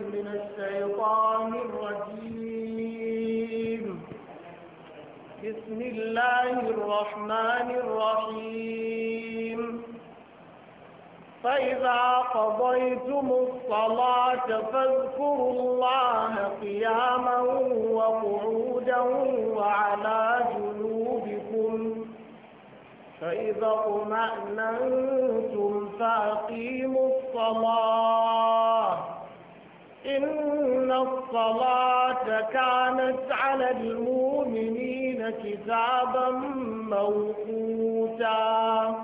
من الشيطان الرجيم بسم الله الرحمن الرحيم فإذا قضيتم الصلاة فاذكروا الله قياما وقعودا وعلى جنوبكم فإذا اطمأننتم فأقيموا الصلاة إن الصلاة كانت على المؤمنين كتابا موقوتا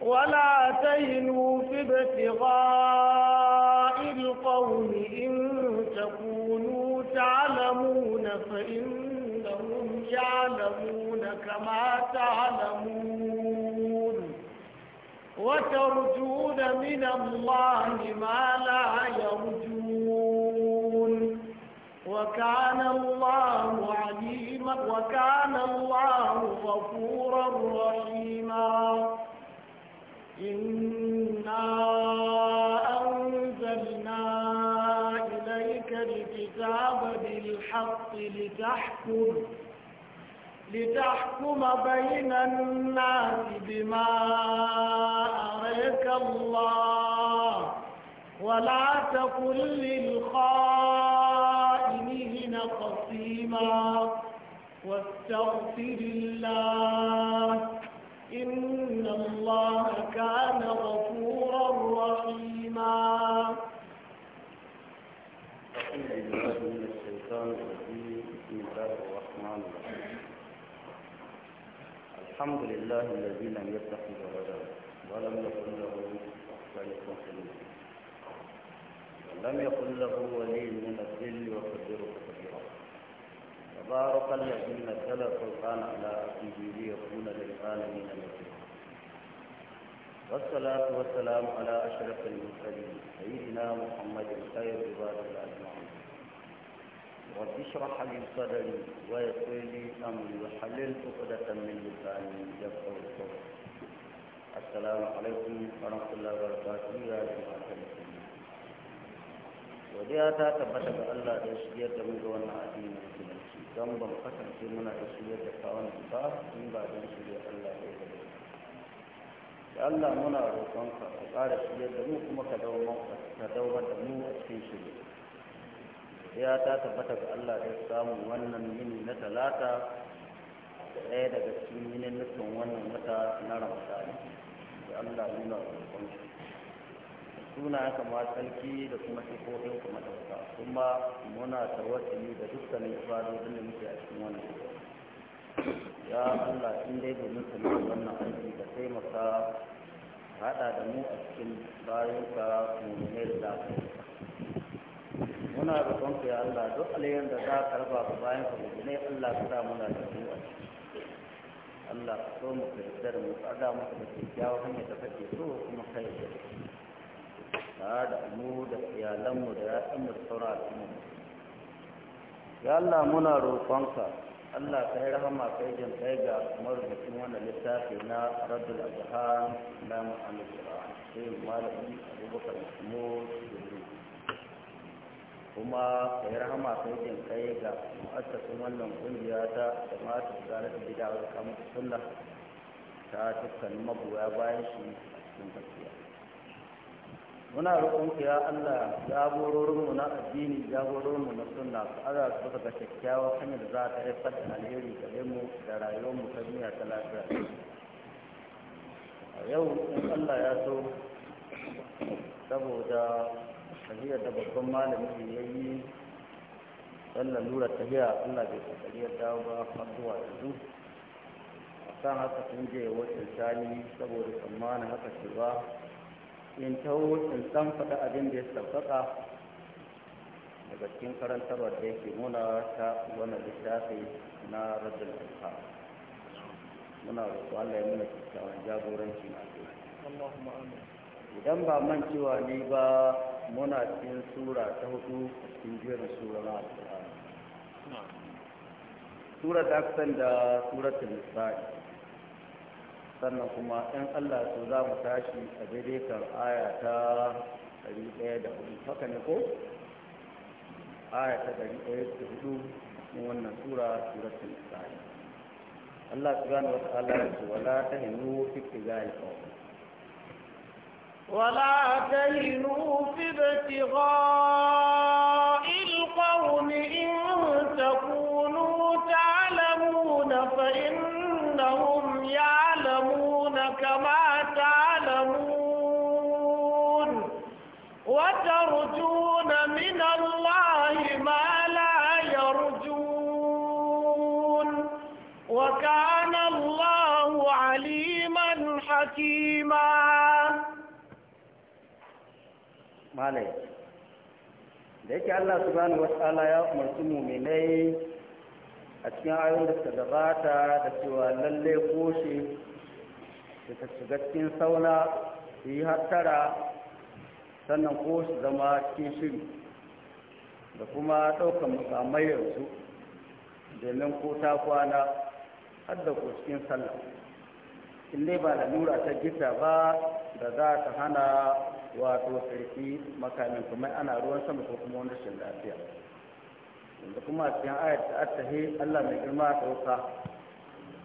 ولا تهنوا في ابتغاء القوم إن تكونوا تعلمون فإنهم يعلمون كما تعلمون وترجون من الله ما لا يرجون وكان الله عليما وكان الله غفورا رحيما إنا أنزلنا إليك الكتاب بالحق لتحكم لتحكم بين الناس بما أريك الله ولا تكن للخائن قسيما واستغفر الله إن الله كان غفورا رحيما الحمد لله من الشيطان الرجيم بسم الله الرحمن الرحيم الحمد لله الذي لم يتخذ ولدا ولم يكن له شريك في الملك ولم يكن له ولي من الذل وقدره تبارك الذي نزل القرآن على عبده ليكون للعالمين نذيرا والصلاة والسلام على أشرف المرسلين سيدنا محمد خير عباد أجمعين رب اشرح لي صدري ويسر لي أمري وحلل عقدة من لساني يفقهوا قولي السلام عليكم ورحمة الله وبركاته يا جماعة المسلمين godiya ta الله ga من دون ya shigar don ba mu kasance muna da su yadda kawon ba in ba don su ya Allah ya gaba Da Allah muna roƙonka ka ƙara su yadda mu kuma ka daumar da mu a cikin shiri ya ta tabbata ga Allah da samu wannan yini na talata ɗaya daga cikin yinin nufin wannan wata na ramadani Da Allah muna shi. suna kama tsarki da kuma sifofin kuma ɗauka kuma muna tawassuli da dukkanin ibadodin da muke a cikin wannan ya Allah in dai domin ka nuna wannan aiki ka taimaka haɗa da mu a cikin bayanka mummunai da muna muna son ya Allah duk alayyar da za ka raba ka bayan ka ne Allah ka sa muna da mu a Allah ka so mu ka yarda da mu ka mu ka da kyakkyawar hanyar da kake so kuma kai da tare da mu da iyalanmu da ya'yanmu da sauran al'umma ya Allah muna roƙonka Allah ka yi rahama ka yi jin kai ga marubucin wannan littafi na Rabbul azhar na muhammad qur'an sai malami abubakar mahmud jibril kuma ka yi rahama ka yi jin kai ga mu'assasin wannan ƙungiya ta jama'atu zarar gida wa kamar sunna ta dukkanin magoya bayan shi cikin gaskiya muna ku ya Allah rumu na addini jagororinmu na sunna su Allah su baka kyakkyawar hanyar da za ta haifar da alheri gare mu da rayuwarmu ta duniya ta lafiya a yau in Allah ya so saboda tahiyar da babban malami ya yi dan lalurar tahiya Allah bai kokari ya dawo ba har zuwa yanzu kan haka sun je wakil sani saboda tsammanin haka ce ba in in san faɗa abin da ya sauƙaƙa daga cikin karantarwar da yake nuna ta wani littafi na rajin alfa muna roƙo Allah ya nuna kyakkyawan jagoranci na idan ba man cewa ne ba muna cikin sura ta hudu cikin jerin sura na alfa sura ta da suratul nisa'i sannan kuma in Allah so za mu tashi a daidai kan aya ta 104 haka ne ko aya ta 104 wannan sura suratul isra'i Allah subhanahu wa ta'ala ya ce wala tahinu fi ibtigha'il qawm ولا تهنوا في ابتغاء ne. malai da yake Allah subhanahu ala ya umarci muminai a cikin ayoyin da suka gabata da cewa lalle koshe da ta shiga cikin sauna su yi hattara sannan ko su zama cikin shiri da kuma ɗaukar mukamai yanzu domin ko ta kwana har da ko cikin sallah in dai ba da lura ta gita ba da za ta hana wato sarki makamin kuma ana ruwan sama ko kuma wani rashin lafiya wanda kuma cikin ayat ta attahi Allah mai girma ta wuka.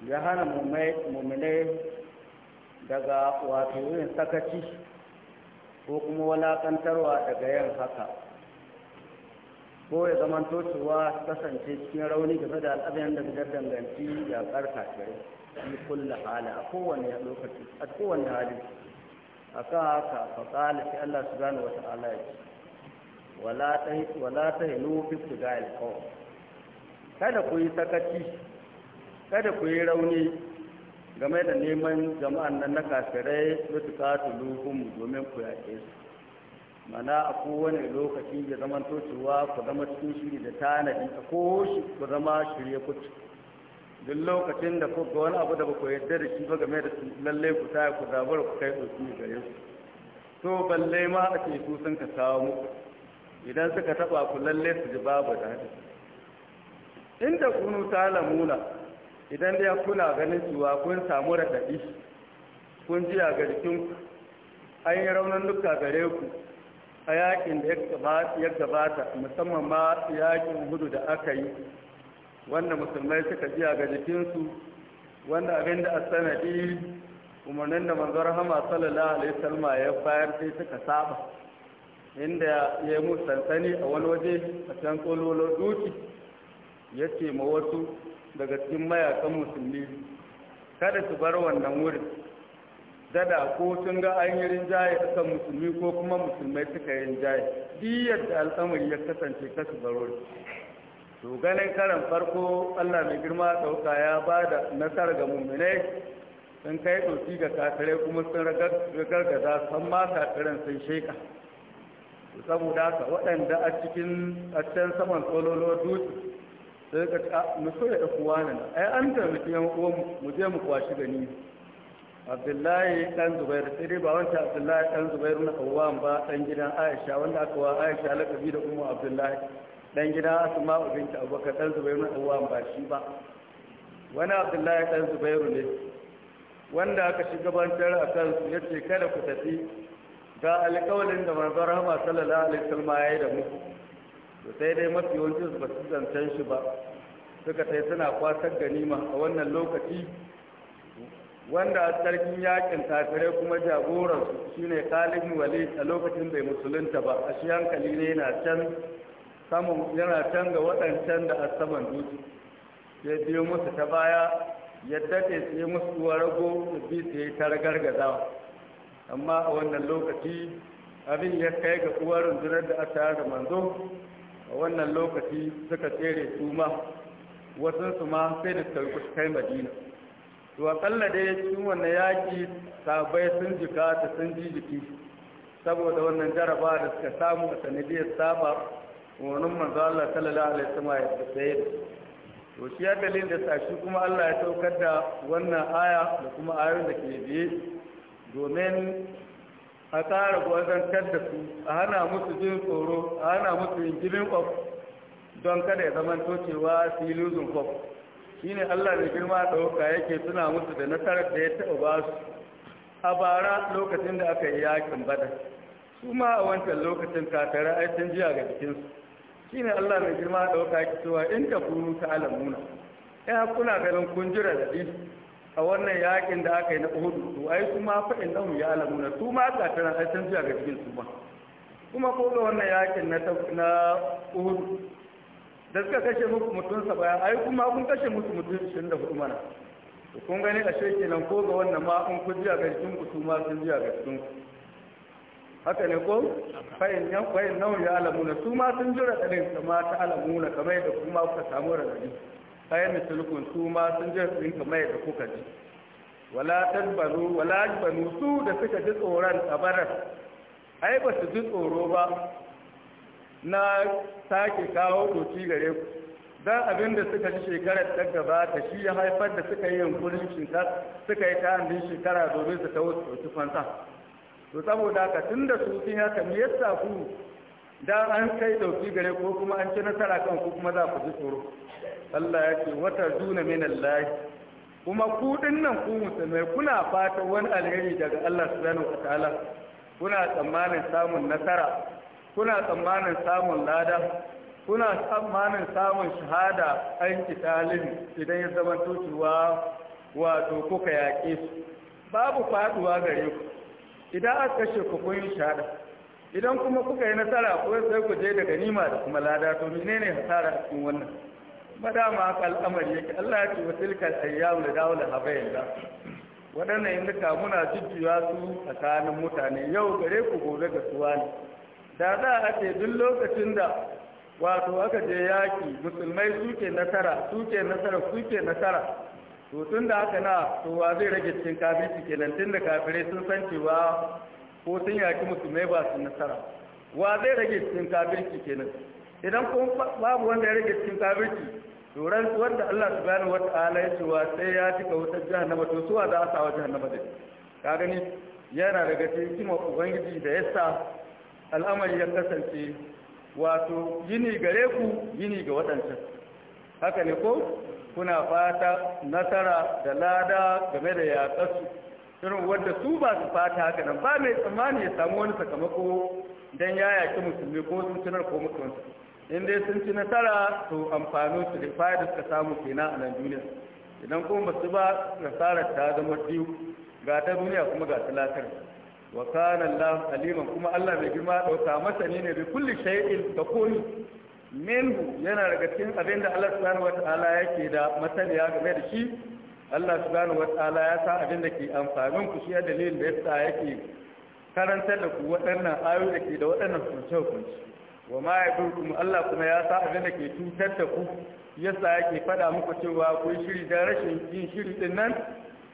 ya hana muminai daga wato yin sakaci ko kuma walakantarwa daga yin haka ko ya zaman tocewa kasance cikin rauni game da al'adarin da bidar danganci ya karka shi kulla hala a kowane lokaci a kowane hali akan haka faƙala sai Allah subhanahu wa ta'ala ya wala ta hinu fi ga alƙawar kada ku yi sakaci kada ku yi rauni game da neman jama'an nan na kafirai su su katulu domin ku yaƙe su mana a kowane lokaci da zama tocewa ku zama cikin shiri da tanadi a ko ku zama shirye kuci duk lokacin da ku ga wani abu da ku da shi ba game da su lallai ku taya ku zabura ku kai ɗauki gare su to balle ma a ce su sun ka samu idan suka taɓa ku lalle su ji babu daɗi inda kunu ta lamuna idan dai kuna ganin cewa kun samu raɗaɗi kun ji a garkin an yi raunin duka gare ku a yakin da ya gabata musamman ma yakin gudu da aka yi wanda musulmai suka jiya ga jikinsu wanda abin da a sanadi umarnin da manzon rahama sallallahu alaihi salma ya bayar sai suka saba inda ya yi musu sansani a wani waje a can kololo duki ya ce ma wasu daga cikin mayakan musulmi kada su bar wannan wurin dada ko sun ga an yi rinjaye kan musulmi ko kuma musulmai suka yi rinjaye duk yadda al'amari ya kasance kasu baro to ganin karan farko allah mai girma ɗauka ya ba da nasar ga mummunai sun kai ɗauki ga kafirai kuma sun ragargaza san ma kafiran sun sheka saboda haka waɗanda a cikin a can saman tsololo dutse sai ka ci a ah, musu ya ɗakuwa na. ai an taimaki yan uwan mu je mu kwashi gani abdullahi ɗan zubair sai dai ba wancan abdullahi ɗan zubair na kawwan ba ɗan gidan aisha wanda aka wa aisha lakabi da umar abdullahi dan gida asma'u binti abubakar dan zubairu awwam ba shi ba wani abdullahi dan zubairu ne wanda aka shugabantar a kan ya ce kada ku tafi ga alƙawalin da manzon rahama sallallahu alaihi wasallam ya yi da mu to sai dai mafi yawanci su ba su shi ba suka sai suna kwasar ganima a wannan lokaci wanda a sarkin yakin kafirai kuma jagoransu shine Khalid Walid a lokacin bai musulunta ba a shi hankali ne yana can saman yana can ga waɗancan da a saman dutse ya biyo musu ta baya ya daɗe su yi musu ruwa rago da bi su yi ta gargaza amma a wannan lokaci abin ya kai ga uwar rundunar da aka da manzo a wannan lokaci suka tsere su ma wasansu ma sai da suka kai madina to kalla dai cikin wannan yaƙi sabai sun jika ta sun ji jiki saboda wannan jaraba da suka samu a sanadiyar saba wannan manzo Allah sallallahu alaihi wasallam ya tsaye to shi ya dalilin da sa kuma Allah ya saukar da wannan aya da kuma ayoyin da ke biye domin a tsara gwazantar kadda su a hana musu jin tsoro a hana musu yin gibin kwaf don kada ya zama tocewa su yi luzin kwaf shi ne allah da girma ɗauka yake suna musu da nasarar da ya taɓa ba su a bara lokacin da aka yi yakin bada su ma a wancan lokacin kakarar ai jiya ga jikinsu shine Allah mai girma dauka ki cewa in ta kunu ta alamuna ya kuna ganin kun jira da din a wannan yakin da aka yi na Uhudu, to ai kuma fa in lahu ya alamuna su ma ka tana ai san ga cikin su ba kuma ko ga wannan yakin na na Uhud da suka kashe muku sa baya, ai kuma kun kashe musu da 24 mana kun gani ashe kenan ko ga wannan ma kun jira ga cikin ku su ma sun jira ga cikin ku haka ne ko fayin nan fayin nau ya su ma sun jira tsarin ma ta na kamar yadda kuma kuka samu radadi fayin misalukun su ma sun jira tsarin kamar yadda kuka ji wala tasbanu wala ajbanu su da suka ji tsoron tabarar ai ba su ji tsoro ba na sake kawo doki gare ku dan abin da suka ji shekarar ta gabata shi ya haifar da suka yi yunkurin shinka suka yi ta shekara domin su ta su fansa to saboda ka tun da su sun haka me yasa ku da an kai dauki gare ko kuma an ci nasara kan ku kuma za ku ji tsoro Allah ya ce wata duna min Allah kuma ku dinnan ku musulmai kuna fata wani alheri daga Allah subhanahu wataala kuna tsammanin samun nasara kuna tsammanin samun lada kuna tsammanin samun shahada an talin idan ya zama tutuwa wato kuka yaƙe su babu faduwa gare ku idan aka kashe ku kun idan kuma kuka yi nasara ko sai ku je da ganima da kuma lada to ne hasara a cikin wannan madama aka al'amari yake Allah ya ce wa tilkal ayyam da dawla habayin da waɗannan yanduka muna jujjuya su a tsakanin mutane yau gare ku gobe ga suwa ne da za a ce duk lokacin da wato aka je yaƙi musulmai suke nasara suke nasara suke nasara to tun da haka na to wa zai rage cikin kafirci kenan tun da kafirai sun san cewa ko sun yaki musulmai ba su nasara wa zai rage cikin kafirci kenan idan kun babu wanda ya rage cikin kafirci to ran wanda Allah subhanahu wataala ya ce wa sai ya tika wutar jahannama to suwa za a sa wa jahannama da ka gani yana daga cikin kima ubangiji da yasa al'amari ya kasance wato yini gare ku yini ga waɗancan haka ne ko kuna fata nasara da lada game da yaƙarsu irin wadda su ba su fata haka nan ba mai tsammani ya samu wani sakamako don ya yaƙi musulmi ko sun cinar ko mutuwansu in dai sun ci nasara to amfanin su da fa'ida suka samu kenan a nan duniya idan kuma ba su ba nasarar ta zama biyu ga ta duniya kuma ga ta lafiyar wa kana Allah aliman kuma Allah bai girma dauka masani ne bi kulli shay'in da koyi minhu yana daga cikin abin da Allah subhanahu ta'ala yake da masaniya game da shi Allah subhanahu ta'ala ya sa abin da ke amfanin ku shi dalilin da yasa yake karantar da ku waɗannan ayoyi da ke da waɗannan hukunce-hukunce wa ma ya durkum Allah kuma ya sa abin da ke cutar da ku yasa yake faɗa muku cewa ku shiri da rashin yin shiri din nan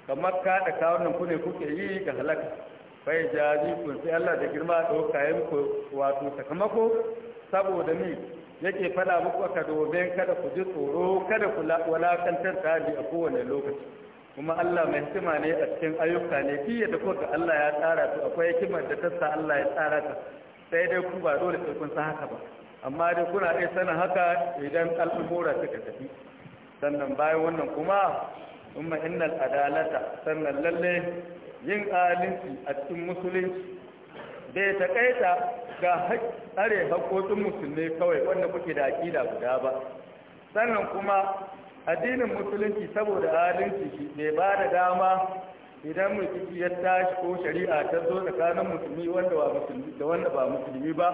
kamar ka da kawunan ku ne kuke yi ga halaka bai jazi ku sai Allah da girma ɗauka ya muku wato sakamako saboda ni yake fada muku aka domin kada ku ji tsoro kada ku walakantar ta a kowane lokaci kuma Allah mai hikima ne a cikin ayyuka ne fiye da kuka Allah ya tsara su akwai hikimar da tassa Allah ya tsara ta sai dai ku ba dole sai kun san haka ba amma dai kuna iya sanin haka idan al'umura suka tafi sannan bayan wannan kuma umma innal adalata sannan lalle yin adalci a cikin musulunci bai taƙaita ga tsare haƙoƙin musulmi kawai wanda kuke da aƙida guda ba sannan kuma addinin musulunci saboda adalci shi bai ba da dama idan musulmi ya tashi ko shari'a ta zo tsakanin musulmi wanda ba musulmi da wanda ba musulmi ba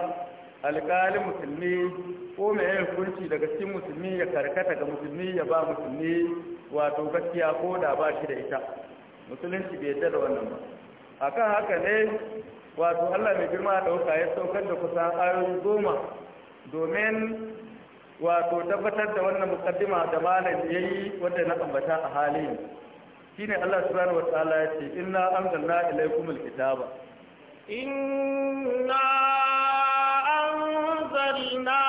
alƙali musulmi ko mai yin hukunci daga cikin musulmi ya karkata ga musulmi ya ba musulmi wato gaskiya ko da ba shi da ita musulunci bai yarda da wannan ba akan haka ne wato Allah mai girma ɗauka ya saukar da kusan ayoyi goma domin wato tabbatar da wannan mukaddima da malam ya yi wanda na ambata a halin ne Allah subhanahu wataala ya ce inna anzalna ilaykumul kitaba inna anzalna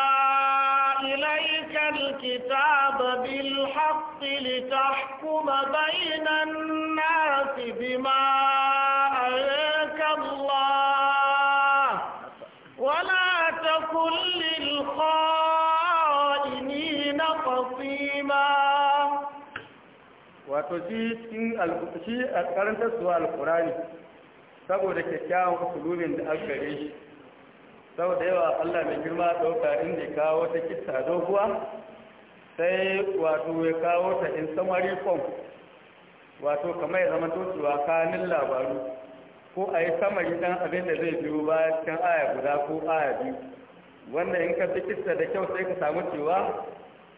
wato shi cikin shi a karantar su alkurani saboda kyakkyawan usulubin da aka gare shi saboda yawa Allah mai girma ɗauka inda kawo wata kissa doguwa sai wato ya kawo ta in samari form wato kamar ya zama tosuwa kanin labaru ko a yi samari ɗan abin da zai biyo ba cikin aya guda ko aya biyu wannan in ka fi kissa da kyau sai ka samu cewa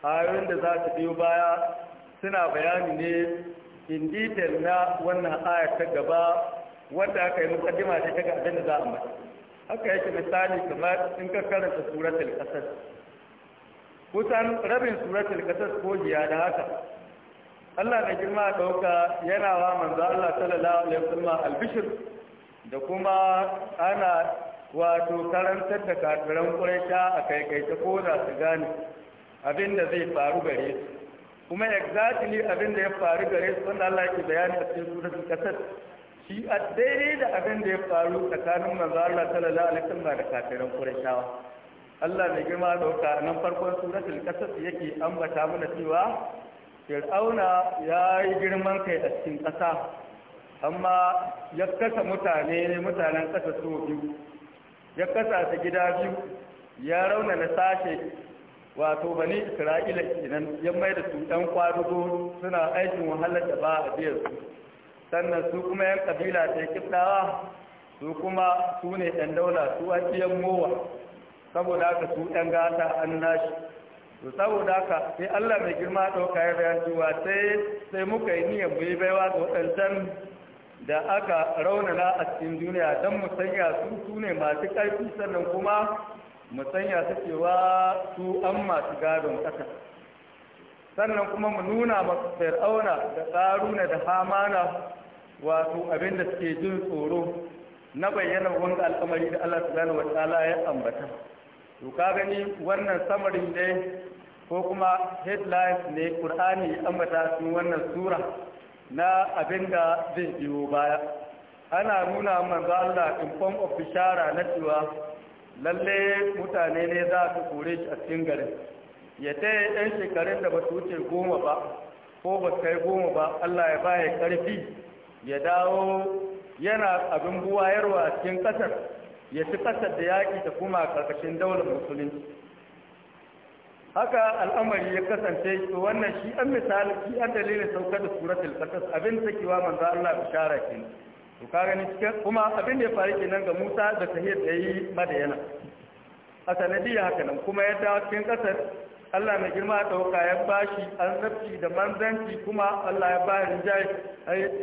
ayoyin da za su biyo baya suna bayani ne in detail na wannan aya ta gaba wanda aka yi mukaddima ce daga abin da za a mata haka yake misali kamar in ka karanta suratul qasas kusan rabin suratul qasas ko jiya da haka Allah na girma dauka yana wa manzo Allah sallallahu alaihi wasallam albishir da kuma ana wato karantar da kafiran quraisha a kai kai ta ko za su gane abin da zai faru gare su kuma exactly abin da ya faru gare su wanda Allah yake bayani a cikin suratul kasas shi a daidai da abin da ya faru tsakanin manzo Allah sallallahu alaihi wasallam da kafiran Quraishawa Allah mai girma dauka nan farkon suratul kasas yake ambata mana cewa Fir'auna ya yi girman kai a cikin ƙasa amma ya kasa mutane ne mutanen ƙasa su biyu ya kasa ta gida biyu ya raunana sashe wato bani isra'ila kenan ya mai da su ɗan kwadugo suna aikin wahalar da ba a biyar su sannan su kuma yan kabila ta kibdawa su kuma su ne ɗan daula su a mowa saboda haka su ɗan gata an nashi to saboda haka sai allah mai girma ɗauka ya bayan cewa sai sai muka yi niyyar bai baiwa ga waɗancan da aka raunana a cikin duniya don mu sanya su su ne masu ƙarfi sannan kuma musanya su cewa su an masu gadon ƙasa sannan kuma mu nuna masu fir'auna da tsaruna da hamana wato abinda suke jin tsoro na bayyana wanga al'amari da Allah subhanahu wataala ya ambata to ka gani wannan samari ne ko kuma headlines ne Kur'ani ya ambata cikin wannan sura na abinda zai biyo baya ana nuna manzo Allah in form of bishara na cewa lalle mutane ne za su kore shi a cikin garin ya ta yi ɗan shekarun da ba su wuce goma ba ko ba su kai goma ba allah ya baya karfi ya dawo yana abin buwayarwa a cikin kasar ya ci kasar da yaƙi ta kuma ƙarƙashin daular musulunci haka al'amari ya kasance to wannan shi an misali shi an dalilin saukar da suratul qasas abin sakewa manzo Allah bishara kenan to ka gani cikin kuma abin da ya faru kenan ga Musa da Tahir da yi Madayana a sanadiyya haka nan kuma ya dawo cikin kasar Allah mai girma da wuka ya bashi annabci da manzanci kuma Allah ya ba rinjaye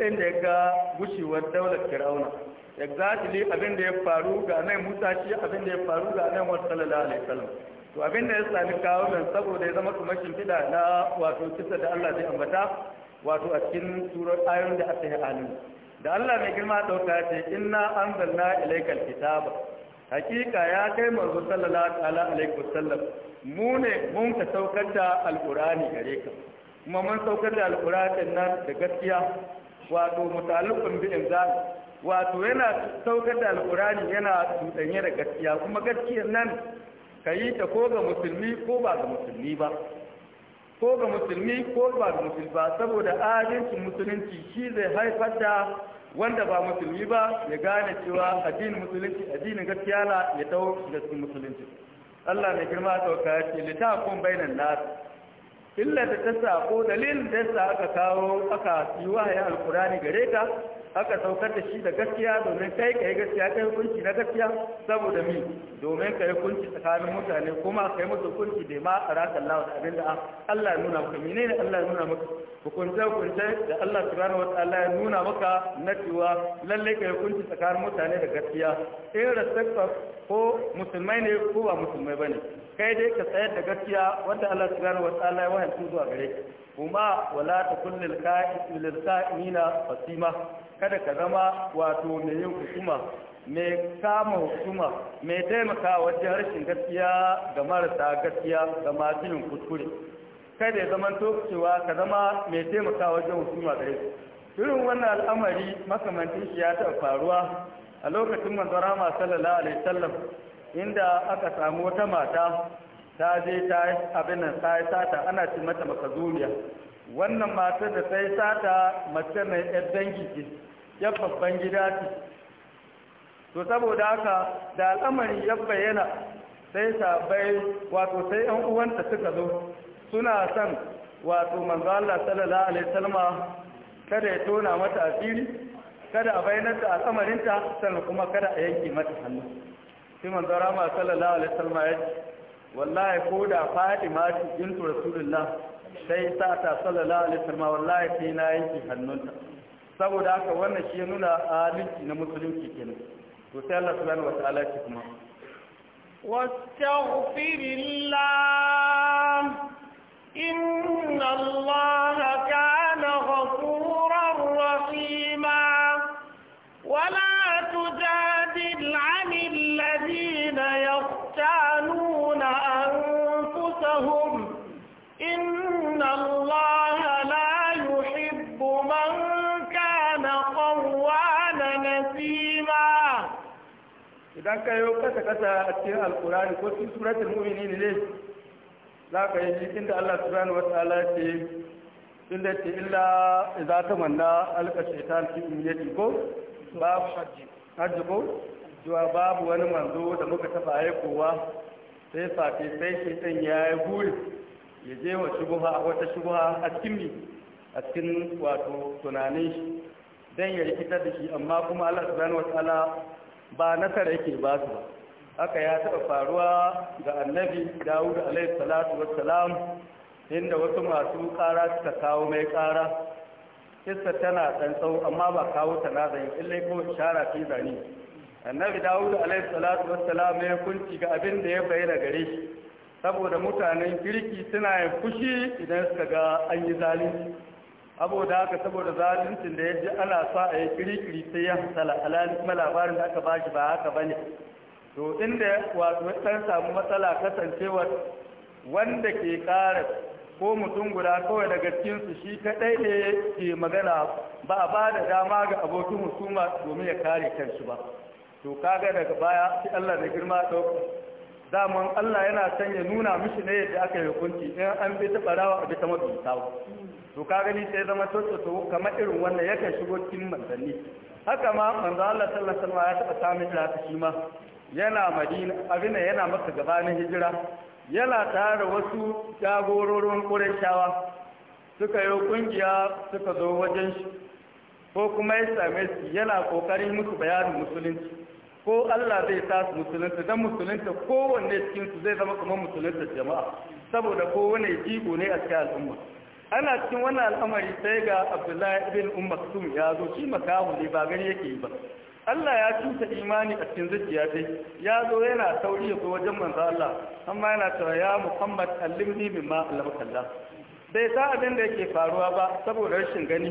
inda ya ga gushewar daular Fir'auna exactly abin da ya faru ga nan Musa shi abin da ya faru ga nan wa sallallahu alaihi wasallam to abin da ya sami kawo nan saboda ya zama kuma shimfiɗa na wato kisa da Allah zai ambata wato a cikin surar ayoyin da aka yi halin da Allah mai girma ɗauka ce inna anzalna ilaikal kitaba hakika ya kai manzo sallallahu alaihi wasallam mu ne mun ka saukar da alqur'ani gare ka kuma mun saukar da alqur'anin nan da gaskiya wato mutalifin bi inzal wato yana saukar da alqur'ani yana tudanye da gaskiya kuma gaskiyar nan kayi ta ko ga musulmi ko ba ga musulmi ba ko ga musulmi ko ba musulmi ba saboda adalcin musulunci shi zai haifar da wanda ba musulmi ba ya gane cewa addinin musulunci addinin gaskiya na ya tawo da musulunci Allah ne girma ta kawai ce bainan nas illa da ta sa ko dalilin da yasa aka kawo aka yi wahayin alkurani gare ka aka saukar da shi da gaskiya domin kai ka yi gaskiya kai kunci na gaskiya saboda mi domin ka yi hukunci tsakanin mutane kuma ka yi musu hukunci da ma a rakan da abin da Allah nuna maka menene Allah nuna maka hukunce-hukunce da Allah subhanahu wa ta'ala ya nuna maka na cewa lalle ka hukunci tsakanin mutane da gaskiya in respect ko musulmai ne ko ba musulmai bane kai dai ka tsayar da gaskiya wanda Allah subhanahu wa ta'ala ya su zuwa gare ka kuma wala takun lil ka'ina fasima kada ka zama wato mai yin hukuma mai kama hukuma mai taimaka wajen rashin gaskiya ga marasa gaskiya ga masu yin kuskure kada ya zama to cewa ka zama mai taimakawa wajen hukuma gare su irin wannan al'amari makamancin shi ya taɓa faruwa a lokacin manzara ma sallallahu alaihi inda aka samu wata mata ta je ta yi abin nan ta yi sata ana ce mata makazuriya wannan mata da ta yi sata mace mai yar dangi ce yar babban gida ce to saboda haka da al'amarin ya bayyana sai sabai wato sai yan uwanta suka zo suna son wato manzo Allah sallallahu alaihi wasallam kada ya tona mata asiri kada a bayyana ta a samarinta sannan kuma kada a yanke mata hannu sai manzo rama sallallahu alaihi wasallam ya ce wallahi ko da Fatima ce in Rasulullah sai ta ta sallallahu alaihi wasallam wallahi sai na yanke hannunta saboda haka wannan shi nuna adalci na musulunci kenan to sai Allah subhanahu ta'ala ya ci kuma واستغفر الله idan ka yi kasa kasa a cikin alkurani ko cikin suratul mu'minin ne za ka yi cikin da Allah subhanahu wataala ce inda ce illa idza tamanna alqa shaytan fi umniyati ko babu hajji haji ko zuwa babu wani manzo da muka taba aikowa sai safi sai shaytan ya yi buri ya je wa shubuha wata shubuha a cikin mi a cikin wato tunanin shi dan ya rikita da shi amma kuma Allah subhanahu wataala ba nasara yake ba su ba haka ya taɓa faruwa ga annabi dawud alaihi salatu inda wasu masu ƙara suka kawo mai ƙara kissa tana ɗan tsawo amma ba kawo ta na zai illai ko shara fi zane annabi dawud alaihi salatu wassalam ya kunci ga abin da ya bayyana gare shi saboda mutanen kirki suna yin fushi idan suka ga an yi zalunci saboda haka saboda zaluncin da ya ji ana sa a yi kirikiri sai ya hasala alali kuma labarin da aka ba shi ba haka ba to inda wato san samu matsala kasancewar wanda ke kara ko mutum guda kawai daga cikin su shi kadai ne ke magana ba a ba da dama ga abokin husuma domin ya kare kansu ba to kaga daga baya sai Allah da girma ɗauka daman Allah yana son ya nuna mishi ne yadda aka yi hukunci in an bi ta barawa a bi ta mabita to ka gani sai zama to kamar irin wannan yakan shigo cikin manzanni haka ma manzo Allah sallallahu alaihi wasallam ya taɓa samun haka shi ma yana Madina abin yana maka gabanin hijira yana tare wasu jagororin Qurayshawa suka yi kungiya suka zo wajen shi ko kuma ya same su yana kokarin musu bayanin musulunci ko Allah zai sa su musulunta don musulunta kowanne cikinsu zai zama kamar musulunta jama'a saboda kowane jigo ne a cikin al'umma ana cikin wannan al'amari sai ga abdullahi ibn ummatum ya zo shi makahu ne ba gani yake yi ba Allah ya cuta imani a cikin zuciya dai ya zo yana sauri ya wajen manzo Allah amma yana cewa ya Muhammad allimni mimma allamaka bai sa abin da yake faruwa ba saboda rashin gani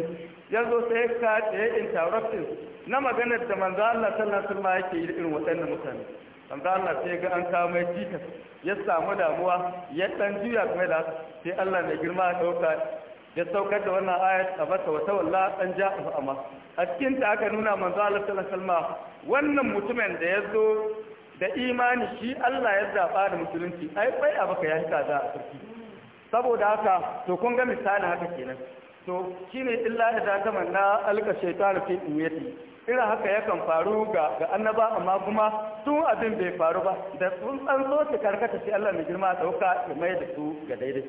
ya zo sai ka ya interrupting na maganar da manzo Allah sallallahu alaihi wasallam yake yi irin waɗannan mutane manzo Allah sai ga an samu jita ya samu damuwa ya dan juya kuma da sai Allah mai girma dauka ya saukar da wannan ayat a wa wata walla dan ja amma a cikin ta aka nuna manzo Allah sallallahu alaihi wasallam wannan mutumin da ya zo da imani shi Allah ya zaba da musulunci ai bai abaka ya hika da a sarki saboda haka to kun ga misali haka kenan to shine illa da ta na alka shaitan fi ummati irin haka yakan faru ga ga annaba amma kuma tun abin bai faru ba da sun san so ta karkata sai Allah mai girma hauka ya mai da su ga daidai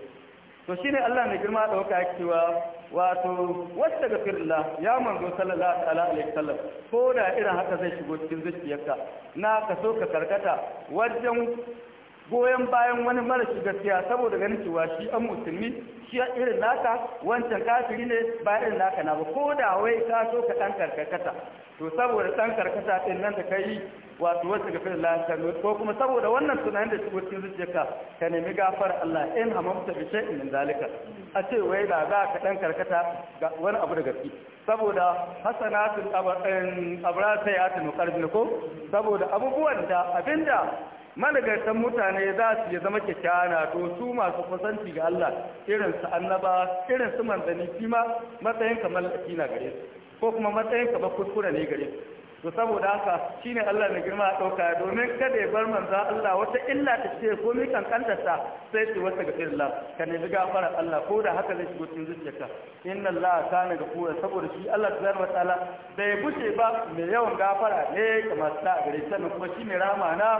to shine Allah mai girma hauka ya cewa wato wasta ga firla ya manzo sallallahu alaihi wasallam ko da irin haka zai shigo cikin zuciyarka na ka so ka karkata wajen goyon bayan wani marashi gaskiya saboda ganin cewa shi an musulmi shi irin naka wancan kafiri ne ba irin naka na ba ko da wai ka so ka ɗan karkata to saboda ɗan karkata ɗin nan da ka yi wato wasu ga filin lantar ko kuma saboda wannan tunanin da shigo cikin zuciyarka ka nemi gafar Allah in hamamta bi shay'in min zalika a ce wai da za ka ɗan karkata ga wani abu da gaske saboda hasanatun abrasayatun eh, muqarrin ko saboda abubuwan da abinda malagartan mutane za su yi zama kyakkyana to su masu kusanci ga Allah irin su annaba irin su manzanni shi ma matsayin kamar na gare su ko kuma matsayin kamar kuskure ne gare su to saboda haka shine Allah mai girma a ɗauka domin kada ya bar manza Allah wata illa ta ce ko mi kankantarta sai su wata ga illa ka nemi gafara Allah ko da haka zai shigo cikin zuciyarka inna Allah kana gafura saboda shi Allah subhanahu wataala bai bushe ba mai yawan gafara ne ga masu da gare sannan kuma shi ne rama na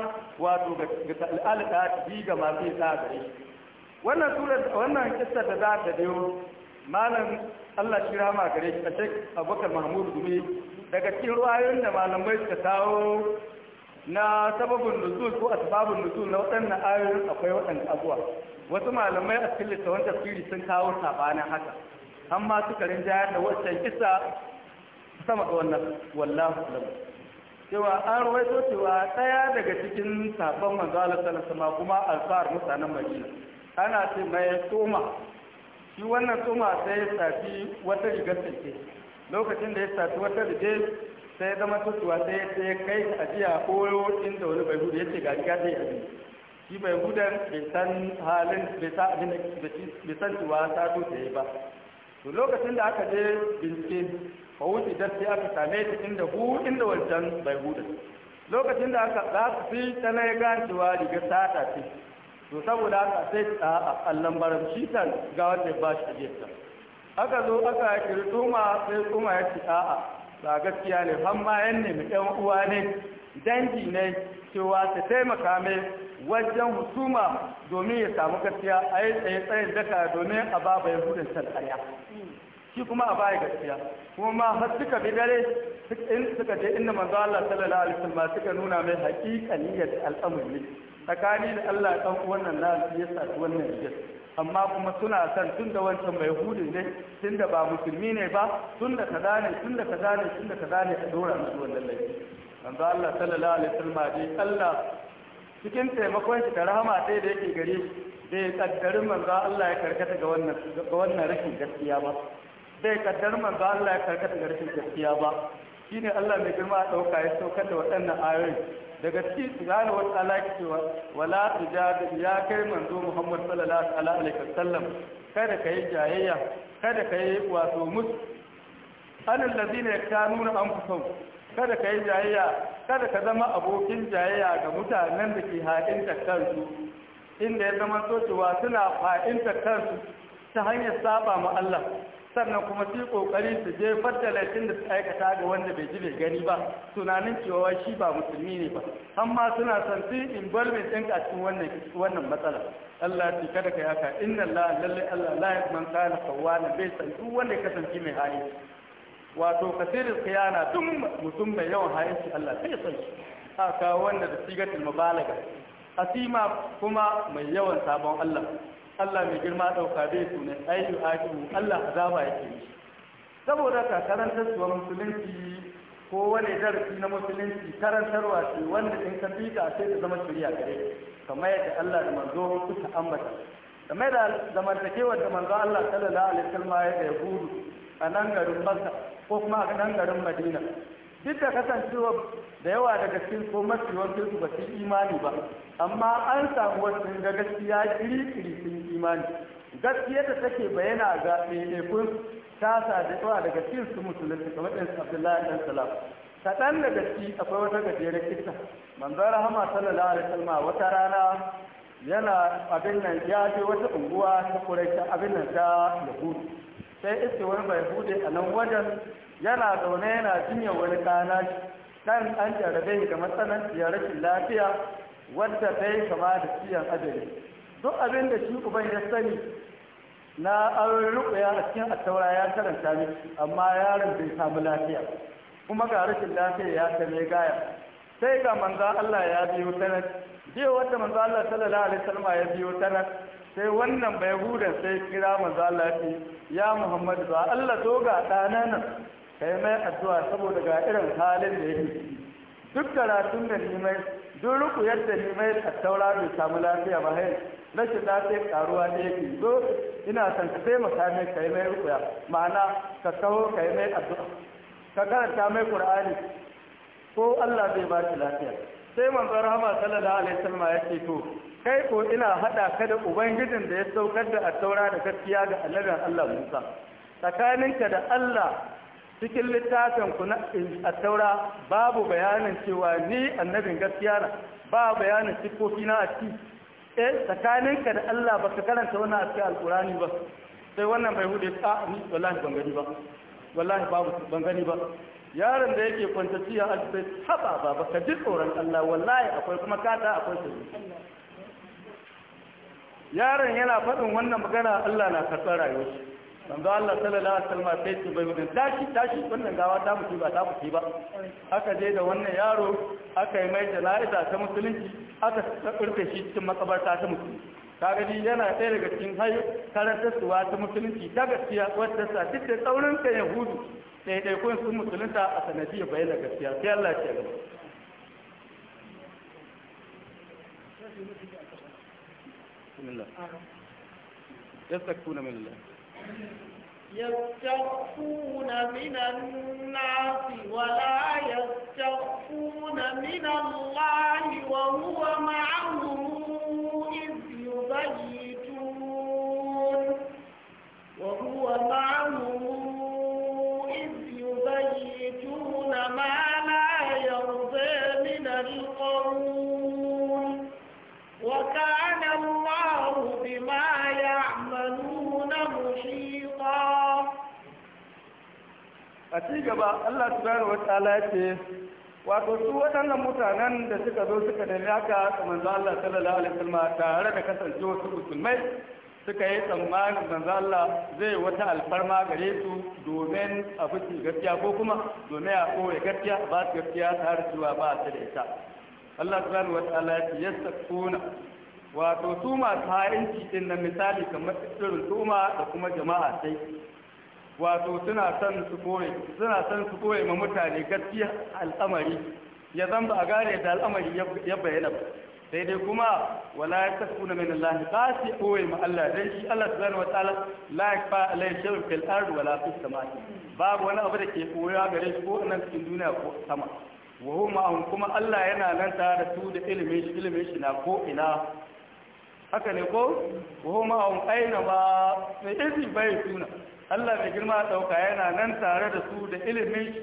wato ga al'alqa bi ga masu da gare wannan sura wannan kissa da za ta dayo malam Allah shi rama gare shi a Sheikh Abubakar Mahmud dume. daga cikin ruwayoyin da malamai suka kawo na sababin nuzul ko asbabun nuzul na waɗannan ayoyin akwai waɗannan abuwa wasu malamai a cikin littafin tafsiri sun kawo sabanin haka amma suka rinjayar da wancan kisa sama da wannan wallahu alam cewa an rawaito cewa ɗaya daga cikin sabon manzo Allah sallallahu kuma alfar mutanen Madina ana ce mai toma shi wannan toma sai ya tafi wata rigar take lokacin da ya sati wata da sai ya zama tutuwa sai ya sai kai ajiya koyo inda wani bai hudu ya ce gaji gaji ya abin shi bai hudan bai san halin bai san abin da bai san cewa ta tuta ya ba to lokacin da aka je bincike fa wuce da sai aka same ta inda hu inda wancan bai hudan lokacin da aka za fi ta na ya gane cewa riga sata ce to saboda haka sai a lambaran shi ta ga wanda ba shi ajiyar aka zo aka kiri tuma sai tuma ya ce a'a ba gaskiya ne han yan nemi ɗan uwa ne dangi ne cewa ta taimaka mai wajen hutuma domin ya samu gaskiya a yi tsaye tsayin daka domin a ba bai hudun sarkariya shi kuma a baya gaskiya kuma ma har suka bi dare in suka je inda manzo Allah sallallahu alaihi wasallam suka nuna mai hakikaniyar al'amari tsakani da Allah ɗan uwan nan na yasa wannan jin amma kuma suna san tun da wancan mai hudu ne tun da ba musulmi ne ba tun da kaza ne tun da kaza ne tun da kaza ne a dora musu wannan laifi an manzo Allah sallallahu alaihi wasallam dai Allah cikin taimakon shi da rahama dai da yake gare bai kaddar manzo Allah ya karkata ga wannan ga wannan rashin gaskiya ba bai kaddar manzo Allah ya karkata ga rashin gaskiya ba ne Allah mai girma a ɗauka ya saukar da waɗannan ayoyi daga cikin subhanahu wa ta'ala cewa wala tujadil ya kai manzo Muhammad sallallahu alaihi sallam. kada ka yi jayayya kada ka kai wato mus anil ladina yakanuna anfusahum kada ka yi jayayya kada ka zama abokin jayayya ga mutanen da ke haɗin haɗinta kansu inda ya zama to cewa suna haɗinta kansu ta hanyar saba ma Allah sannan kuma su yi kokari su far da laifin da su aikata ga wanda bai ji bai gani ba tunanin cewa shi ba musulmi ne ba amma suna son su involvement ɗin a cikin wannan matsala Allah ya kada ka yaka, inna Allah lalle Allah la yakman kana kawwana bai san duk wanda ka kasance mai hali wato kasirin khiyana duk mutum mai yawan hali Allah bai san shi aka wanda da sigatul mubalaga asima kuma mai yawan sabon Allah Allah mai girma ɗauka zai tunan ayyu akimu Allah ya yake yi saboda ka suwa musulunci ko wani darasi na musulunci karantarwa ce wanda in ka bi ta sai ta zama shirya gare kamar yadda Allah da manzo suka ambata kamar da zamantakewar da manzo Allah sallallahu alaihi wasallam ya da yahudu a nan garin Makka ko kuma a nan garin Madina duk da kasancewa da yawa daga cikin ko mafi wasu su ba su imani ba amma an samu wasu daga gaskiya kiri kiri sun imani gaskiyar da take bayyana ga tasa ta tsawa daga cikin su musulunci kamar ɗin abdullahi ɗan salam kaɗan daga ciki akwai wata gajeren kisa manzon rahama sallallahu alaihi wasallam wata rana yana abin nan ya je wata unguwa ta kuraita abin nan ta yahudu sai iske wani bai hude a nan wajen yana zaune yana jinya wani kana kan an ga da matsananciyar rashin lafiya wadda ta kama da ciyan ajali duk abin da shi uban ya sani na auren ya a cikin attaura ya karanta ne amma yaron bai samu lafiya kuma ga rashin lafiya ya tare gaya sai ga manzo Allah ya biyo tanar biyo wanda manzo Allah sallallahu alaihi wasallam ya biyo tanar sai wannan bai huda sai kira manzo Allah ya ce ya Muhammad ba Allah to ga dana nan kai mai addu'a saboda ga irin halin da yake duk karatun da ni mai duk rukuyar da ni mai attaura bai samu lafiya ba hai Na rashin lafiyar karuwa ne yake zo ina son ka taimaka mai kai mai rukuya ma'ana ka kawo kai mai addu'a ka karanta mai qur'ani ko Allah zai ba shi lafiya sai manzon rahama sallallahu alaihi wasallam ya ce to kai ko ina hada ka da ubangijin da ya saukar da attaura da gaskiya ga annabin Allah Musa tsakaninka da Allah cikin littafin ku na attaura babu bayanin cewa ni annabin gaskiya na ba bayanin sikofi na a ciki E tsakaninka da Allah ba ka karanta wannan a cikin alkurani ba sai wannan bai hude ta ah, ni wallahi ban gani ba wallahi babu ban gani ba yaron da yake kwantaci ya sai haba ba ba ka ji tsoron Allah wallahi akwai kuma kata akwai su yaron yana faɗin wannan magana Allah na karɓar rayuwa. manzo Allah sallallahu alaihi wasallam sai su bai magana tashi tashi wannan gawa ta mutu ba ta mutu ba aka je da wannan yaro aka yi mai jana'iza ta musulunci aka kurfe shi cikin makabarta ta mutu kaga gani yana ɗaya daga cikin hayo karantarsuwa ta musulunci ta gaskiya wadda sa duk da tsaurin kan yahudu ɗaiɗaikun sun musulunta a sanadiyar bayyana gaskiya sai Allah ce gaba Bismillah. Yastakuna min يستخفون من الناس ولا يستخفون من الله وهو معهم ci gaba Allah subhanahu wa ya ce wato su waɗannan mutanen da suka zo suka nemi haka ga manzo Allah sallallahu alaihi wasallam tare da kasance wasu musulmai suka yi tsammanin manzo Allah zai wata alfarma gare su domin a fice gaskiya ko kuma domin a koya gaskiya ba su gaskiya tare cewa ba su da ita Allah subhanahu wataala ya ce wato su masu ha'inci din nan misali kamar irin tuma da kuma jama'a sai wato suna son su koye suna son su koye ma mutane gaskiya al'amari ya zan ba a gane da al'amari ya bayyana ba sai dai kuma wala ya tafi na min Allah ba su koye ma Allah dan shi Allah subhanahu wa ta'ala la yakfa alayhi shay'un fil ardi wala fis samai babu wani abu da ke koya gare shi ko nan cikin duniya ko sama wa huma an kuma Allah yana nan tare da su da ilimin shi ilimin shi na ko ina haka ne ko wa huma an aina ba mai izi bai suna Allah da girma ɗauka yana nan tare da su da ilimin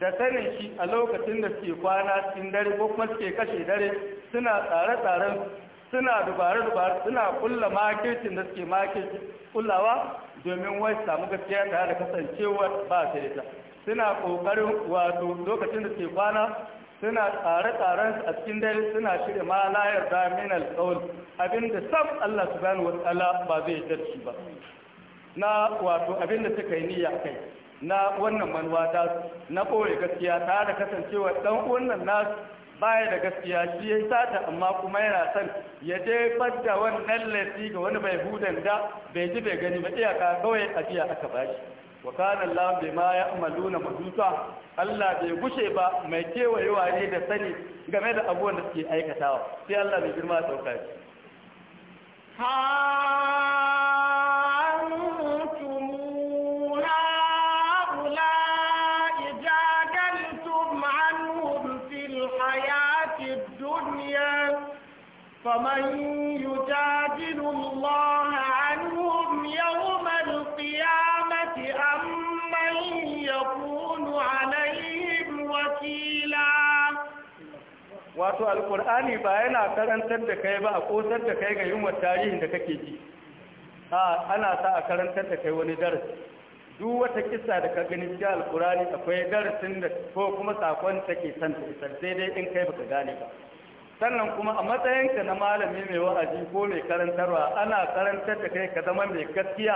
da sanin shi a lokacin da suke kwana cikin dare ko kuma suke kashe dare suna tsare-tsaren suna dubare-dubare suna kulla makircin da suke makircin kullawa domin wai samu gaskiya tare da kasancewa ba ta ita suna kokarin wato lokacin da suke kwana suna tsare-tsaren a cikin dare suna shirya ma layar da min abinda sam Allah subhanahu wa ta'ala ba zai yi ba na wato abin da suka yi niyya kai na wannan manuwa ta na kowai gaskiya ta da kasancewa Don wannan nasu baya da gaskiya shi ya sata amma kuma yana son ya je da wannan laifi ga wani bai hudan da bai ji bai gani ba iyaka kawai ajiya aka bashi wa kana Allah bai ma ya na mahusa Allah bai gushe ba mai kewayewa ne da sani game da abubuwan da suke aikatawa sai Allah bai girma sauka shi wato alkur'ani ba yana karantar da kai ba a kosar da kai ga yunwar tarihin da kake ji a ana sa a karantar da kai wani darasi duk wata kisa da ka gani cikin alkur'ani akwai darasin da ko kuma sakon ta ke son ta isar sai dai in kai baka gane ba sannan kuma a matsayinka na malami mai wa'azi ko mai karantarwa ana karantar da kai ka zama mai gaskiya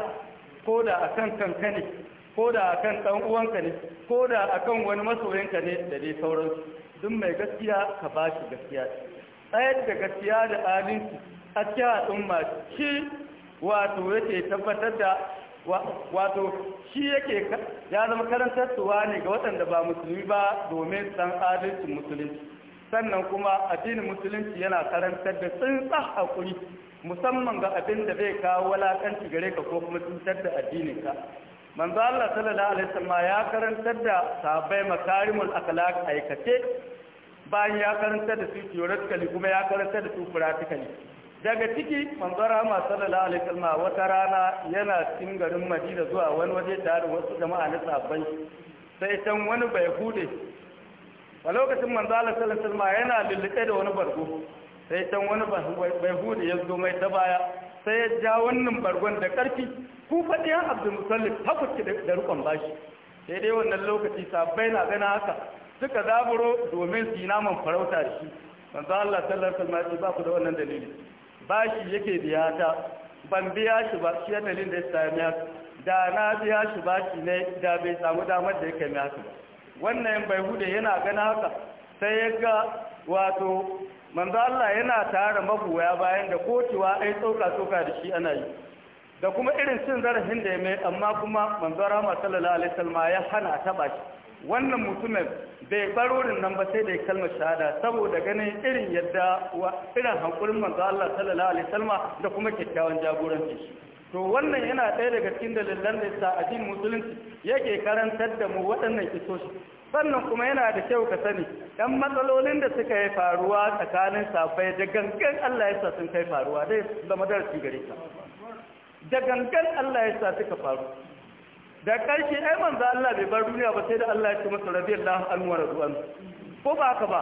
ko da akan kanka ne ko da akan ɗan uwanka ne ko da akan wani masoyinka ne da dai sauransu duk mai gaskiya ka ba shi gaskiya tsayar da gaskiya da adalci a cikin al'umma shi wato ke tabbatar da wato shi yake ya zama karantarsuwa ne ga waɗanda ba musulmi ba domin san adalcin musulunci sannan kuma addinin musulunci yana karantar da tsintsa hakuri musamman ga abin da zai kawo walakanci gare ka ko kuma tsintar da addininka manzo Allah sallallahu alaihi wasallam ya karantar da sahabbai makarimul akhlaq aikace bayan ya karantar da su theoretically kuma ya karantar da su practically daga ciki manzo rahama sallallahu alaihi wasallam wata rana yana cikin garin Madina zuwa wani waje tare da wasu jama'a na sahabbai sai can wani bai hude a lokacin manzo Allah sallallahu alaihi wasallam yana lulluɓe da wani bargo sai can wani bai hude ya zo mai ta baya sai ya ja wannan bargon da ƙarfi ku ya abdul musallin hakuki da rikon bashi sai dai wannan lokaci sabbai na gana haka suka zaburo domin su yi naman farauta da shi manzo Allah sallallahu alaihi wasallam ba ku da wannan dalili bashi yake biya ta ban biya shi ba shi lin da ya sami da na biya shi bashi ne da bai samu damar da yake mai haka wannan bai hude yana gana haka sai ya ga wato manzo Allah yana tare mabuya bayan da kocewa ai tsoka tsoka da shi ana yi da kuma irin cin zarafin da ya mai amma kuma manzo Rahama sallallahu alaihi wasallam ya hana taba shi wannan mutumin bai barorin nan ba sai da ya kalmar shahada saboda ganin irin yadda irin hankulin manzo Allah sallallahu alaihi wasallam da kuma kyakkyawan jagoranci to wannan yana ɗaya daga cikin dalilan da sa addinin musulunci yake karantar da mu waɗannan kisoshi sannan kuma yana da kyau ka sani ɗan matsalolin da suka yi faruwa tsakanin safai da gangan Allah ya sa sun kai faruwa dai zama darasi gare ka da gangan Allah ya sa suka faru da ƙarshe ai manzo Allah bai bar duniya ba sai da Allah ya ci masa radiyallahu anhu wa radwan ko ba ka ba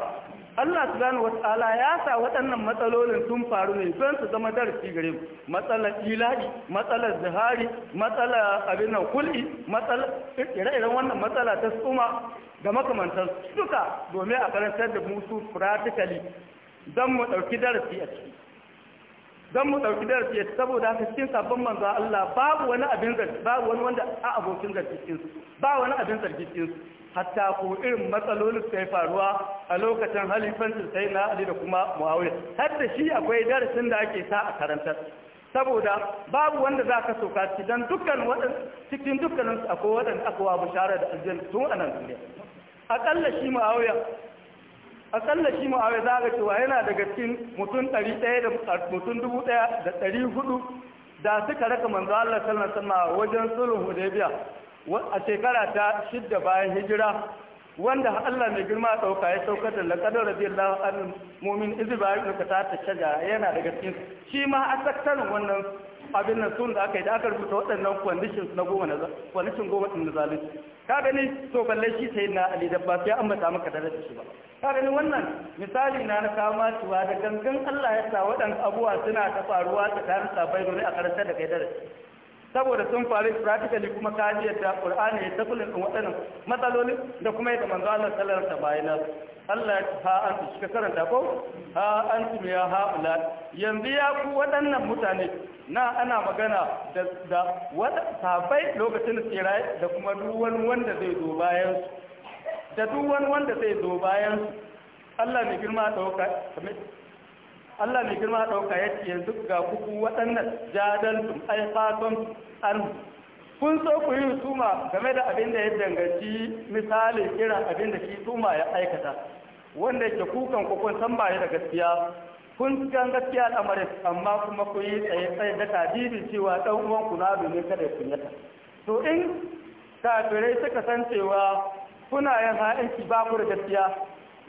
Allah wasu ala ya sa waɗannan matsalolin sun faru ne don su zama darasi gare mu matsalar ilahi matsalar zihari matsalar abin nan kulli matsalar ire-iren wannan matsala ta tsuma da makamantar suka domin a karantar da musu practically don mu ɗauki darasi a ciki don mu ɗauki darasi ciki saboda haka cikin sabon manzo Allah babu wani abin zargi babu wani wanda a abokin zargi cikinsu babu ba wani abin zargi cikinsu hatta ko irin matsalolin su ya faruwa a lokacin halifancin sai na ali da kuma muawiya har da shi akwai darasin da ake sa a karantar saboda babu wanda za ka soka dan dukkan wadan cikin dukkanin su akwai wadan akwa bushara da aljanna tun a nan duniya akalla shi muawiya akalla shi muawiya za ka cewa yana daga cikin mutum ɗari ɗaya da mutum dubu ɗaya da ɗari da suka raka manzo Allah sallallahu alaihi wasallam wajen sulhu Hudaybiya a shekara ta shidda bayan hijira wanda Allah mai girma sauka ya saukar da laqadar radiyallahu an mu'min izba ta ta caja yana daga cikin shi ma a saktarin wannan abin nan sun da aka yi da aka rubuta waɗannan conditions na goma na condition goma din zalunci ka gani to sai na Ali da ba sai an basa maka da shi ba ka gani wannan misali na na kama cewa da gangan Allah ya sa waɗannan abuwa suna ta faruwa tsakanin sabai dole a karanta da kai darasi saboda sun faru practically kuma ka ji yadda Qur'ani ya tafulin din waɗannan matsaloli da kuma yadda manzo Allah sallallahu alaihi wasallam Allah ha an shi karanta ko ha antum ya haula yanzu ya ku waɗannan mutane na ana magana da da wata sabai lokacin tsira da kuma duk wani wanda zai zo bayan su da duk wani wanda zai zo bayan su Allah ne girma da Allah mai girma ɗauka ya ce yanzu ga kuku waɗannan jadaltum ai fatan an kun so ku yi tuma game da abin da ya danganci misali irin abin da shi tuma ya aikata wanda ke kukan ku kun san baya da gaskiya kun san gaskiya al'amarin amma kuma ku yi tsaye tsaye da tadibin cewa ɗan uwan ku na domin kada ya kunyata to in kafirai suka san cewa kuna yin ha'inci ba ku da gaskiya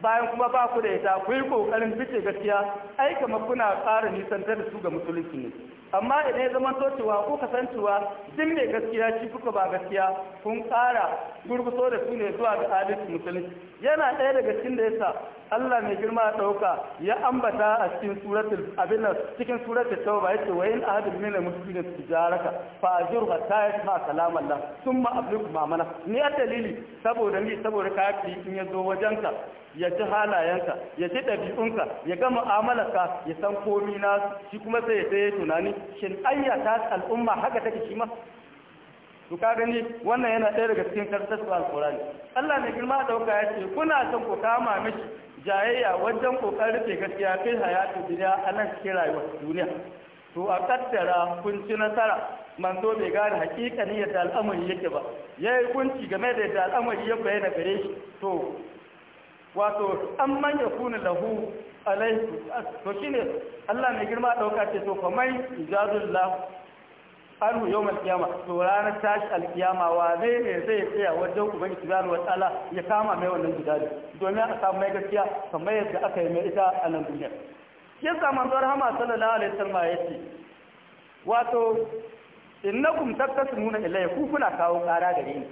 bayan kuma ba ku da ita ku yi ƙoƙarin fice gaskiya ai kamar kuna ƙara nisantar da su ga musulunci ne amma idan ya zama cewa ko kasancewa duk mai gaskiya shi kuka ba gaskiya kun ƙara gurguso da su ne zuwa ga adalci musulunci yana ɗaya daga cikin da yasa Allah mai girma a ɗauka ya ambata a cikin suratul abin nan cikin suratul tauba yace wa in ahadun min al muslimin tijaraka fa ajur hatta yasma kalam Allah thumma ma mana. ni a dalili saboda ni saboda ka in ya zo wajenka ya ji halayenka ya ci ɗabi'unka ya ga mu'amalarka ya san komi na shi kuma sai ya tsaye tunani shin tasa al'umma haka take shi ma to ka gani wannan yana ɗaya daga cikin karsasu alkurani Allah ne girma dauka ya ce kuna son ku kama miki jayayya wajen kokarin rufe gaskiya kai hayatu duniya a nan cikin rayuwar duniya to a kaddara kun ci nasara manzo bai gane hakikanin yadda al'amari yake ba yayi kunci game da yadda al'amari ya bayyana gare shi to wato an manya kuna lahu alaihi to shine Allah mai girma ɗauka ce to fa mai ijazullah yau mai kiyama to ranar tashi alkiyama wa zai ne zai tsaya wajen ubangi subhanahu wa tsala ya kama mai wannan gidaje domin a samu mai gaskiya kamar yadda aka yi mai ita a nan duniya yasa manzon hama sallallahu alaihi ya ce, wato innakum nuna ilayya ku kuna kawo kara gare ni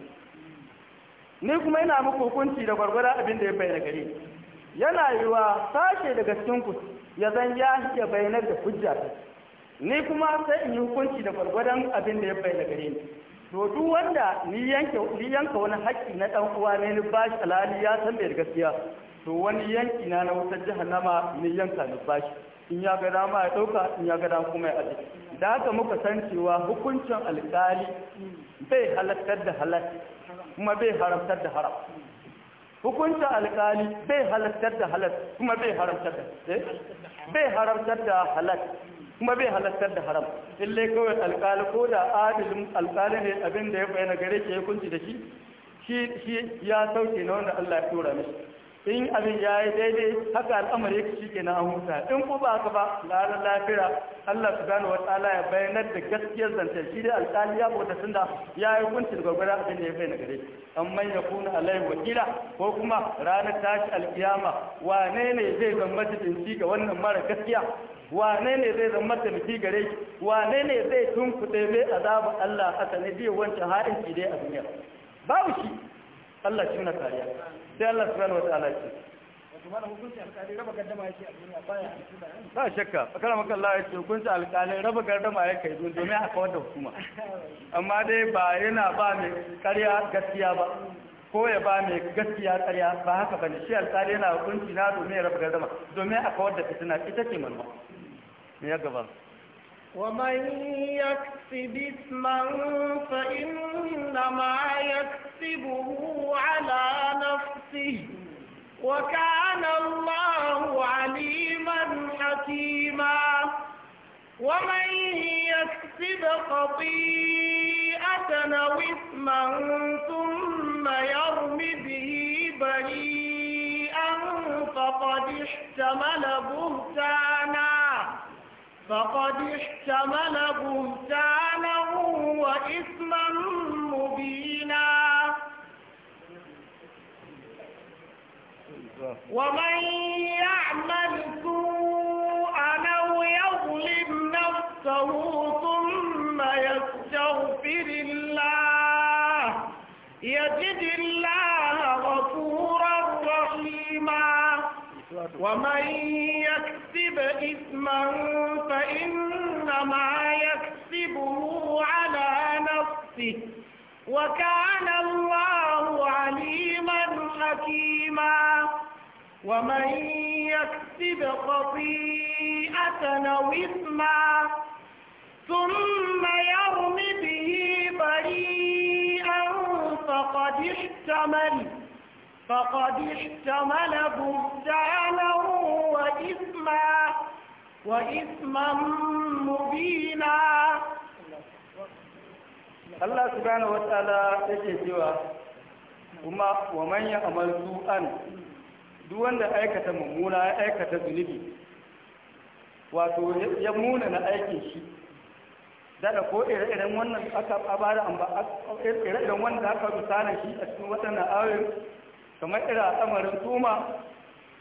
ni kuma yana muku hukunci da gwargwada abin da ya bayyana gare yana yiwa sashe daga cikin ku ya zan ya iya bayyanar da hujja ni kuma sai in yi hukunci da gwargwadon abin da ya bayyana gare ni to duk wanda ni yanke ni yanka wani haƙƙi na dan uwa ne ni bashi alhali ya san bai gaskiya to wani yanki na na wutar jahannama ni yanka ni bashi in ya ga dama ya ɗauka in ya ga dama kuma ya aji da haka muka san cewa hukuncin alƙali bai halattar da halat kuma bai haramtar da haram hukunta alkali bai halartar da halat kuma bai haramtar da eh? bai haramtar da halat kuma bai halartar da haram ille kawai alkali ko da adilin alkali ne abin da ya bayyana gare ke hukunci da shi shi ya sauke na wanda Allah ya tura mishi in abin ya yi daidai haka al'amari yake shi ke na huta in ko ba ka ba lalar lafiya Allah gano wa tsala ya bayanar da gaskiyar zance shi dai alƙali ya bauta da ya yi hukuncin gwagwara abin da ya na gare amma ya kuna alai wakila ko kuma ranar tashi alkiyama wane ne zai zama majalisi ga wannan mara gaskiya wane ne zai zan matalisi gare shi wane ne zai tunkuɗe mai azabar Allah haka ne biyu wancan ha'inci dai a duniya babu shi Allah shi na kariya sai Allah subhanahu wataala ce ba shakka a kara maka Allah ya ce hukunci alƙalai raba gardama ya kai domin haka da hukuma amma dai ba yana ba mai karya gaskiya ba ko ya ba mai gaskiya karya ba haka bane shi alƙalai yana hukunci na domin ya raba gardama domin haka wadda fitina ita ce manuwa me ya gaba ومن يكسب اسما فإنما يكسب يحسبه على نفسه وكان الله عليما حكيما ومن يكسب خطيئة أو إثما ثم يرم به بريئا فقد احتمل بهتانا فقد احتمل بهتانا وإثما ومن يعمل سوءا أو يظلم نفسه ثم يستغفر الله يجد الله غفورا رحيما ومن يكسب إثما فإنما يكسبه على نفسه وكان الله عليما حكيما ومن يكسب خطيئة أو إثما ثم يرم به بريئا فقد احتمل فقد احتمل بهتانا وإثما وإثما مبينا الله سبحانه وتعالى ta'ala سوى ومن kuma سوءا duk wanda aikata mummuna ya aikata zunubi wato ya muna na aikin shi dada ko ire-iren wannan aka abara ba ire-iren wanda aka rusana shi a cikin waɗannan ayoyin kamar ira samarin tuma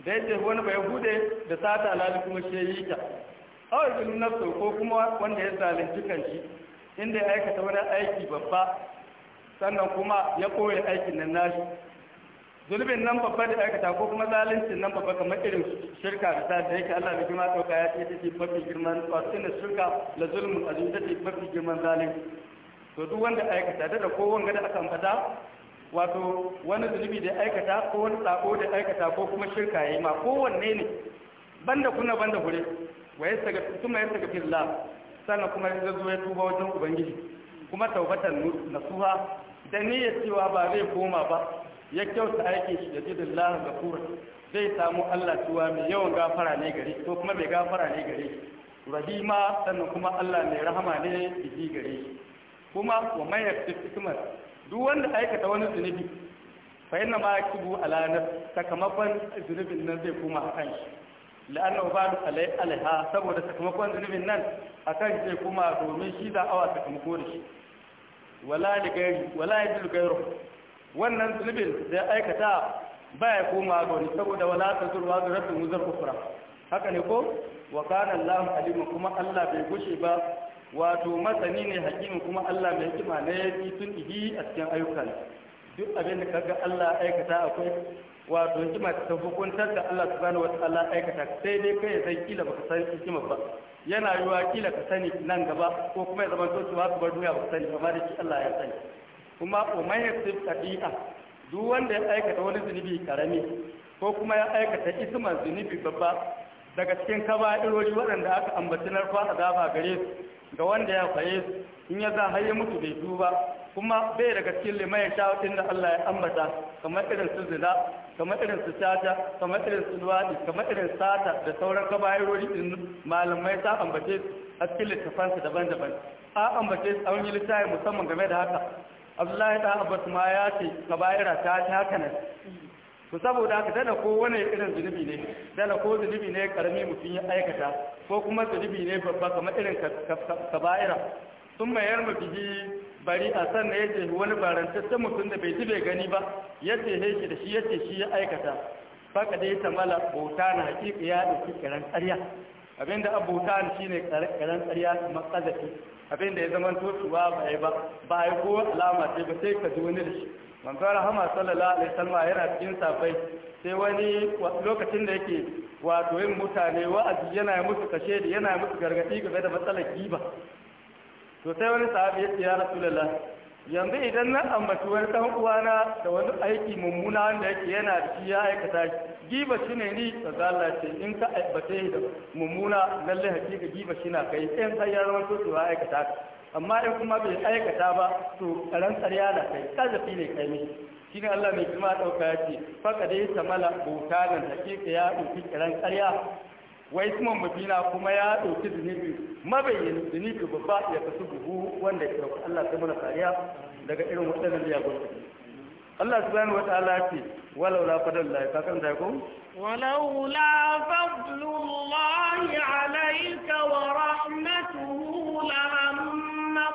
da yake wani bai hude da sata lalu kuma shi yi ta awar ginin nafsa ko kuma wanda ya zalunci shi inda ya aikata wani aiki babba sannan kuma ya koya aikin nan nashi zulubin nan babba da aikata ko kuma zalincin nan babba kamar irin shirka da ta da yake Allah da girma sauka ya ce ce mafi girman wasu na shirka la zulmun azim ta ce mafi girman zalunci to duk wanda aikata da ko wanga da aka ambata wato wani zulubi da aikata ko wani sako da aikata ko kuma shirka yayi ma kowanne ne banda kuna banda gure wa yastaga kuma yastaga filla sannan kuma ya zo ya tuba wajen ubangiji kuma taubatan nasuha da niyyar cewa ba zai koma ba ya kyauta aikin shi da jidin lahar kura zai samu Allah cewa mai yawan gafara ne gare ko kuma mai gafara ne gare rahima sannan kuma Allah mai rahama ne biji gare kuma wa mai yafi hikimar duk wanda aikata wani zunubi fa yana ma a ala nafs sakamakon zunubin nan zai koma a kan shi la'anna Fadu alai alaiha saboda sakamakon zunubin nan a kan shi zai koma domin shi za awa sakamako da shi wala ligari wala yadul wannan zunubin da ya aikata ba ya koma ga saboda wala ta zurwa da rabbin wuzar kufra haka ne ko wa kana Allahu alimu kuma Allah bai gushe ba wato masani ne hakimin kuma Allah mai hikima ne ya yi tun ihi a cikin ayyukan duk abin da kaga Allah aikata akwai wato hikima ta hukuntar da Allah wata Allah aikata sai dai kai sai kila baka san hikima ba yana yiwa kila ka sani nan gaba ko kuma ya zama to cewa ka bar duniya baka sani amma da shi Allah ya sani kuma umar yasif tabi'a duk wanda ya aikata wani zunubi karami ko kuma ya aikata isman zunubi babba daga cikin kaba'irori waɗanda aka ambaci narfa azaba gare su ga wanda ya faye su in ya za har ya mutu bai duba kuma bai daga cikin limayin shawatin da Allah ya ambata kamar irin su zina kamar irin su caca kamar irin su luwaɗi kamar irin sata da sauran kaba'irori din malamai ta ambace su a cikin littafansa daban-daban a ambace su a wani littafi musamman game da haka abdullahi ta abbas ma ya ce kabaira ta taka nan ku saboda haka dana ko wani irin zunubi ne dana ko zunubi ne karami mutum ya aikata ko kuma zunubi ne babba kamar irin kabaira sun mayar mu bihi bari a san na ce wani barantattun mutum da bai ji bai gani ba ya ce da shi yace shi ya aikata faka dai ta bauta na hakika ya ɗauki kiran ƙarya abinda abu ta shi ne karen tsariya matsalaki abinda ya zama tosuwa ba ba bai ko alama sai ba sai ka ji wani da shi manzo rahama sallallahu alaihi wasallam yana cikin safai sai wani lokacin da yake wato yin mutane wa'azi yana musu kashe da yana musu gargadi game da matsalar giba to sai wani sahabi ya ce ya rasulullah yanzu idan na ambaci wani ɗan uwana da wani aiki mummuna wanda yake yana da shi ya aikata shi giba shi ne ni da zalla ce in ka aibate da mummuna lalle hakika giba shi na kai in har ya zama to ya aikata amma in kuma bai aikata ba to karan tsariya na kai kazafi ne kai ne shi ne Allah mai kima ɗauka ya ce faka dai ta mala butanan hakika ya ɗauki karan tsariya wai kuma mabina kuma ya ɗauki zunubi mabayyin zunubi babba ya kasu buhu wanda ya ɗauki Allah ta mana kariya daga irin waɗannan miyagun Allah subhanahu wataala ce walaula fadlullahi ka kan dai ko walaula fadlullahi alayka wa rahmatuhu lahamma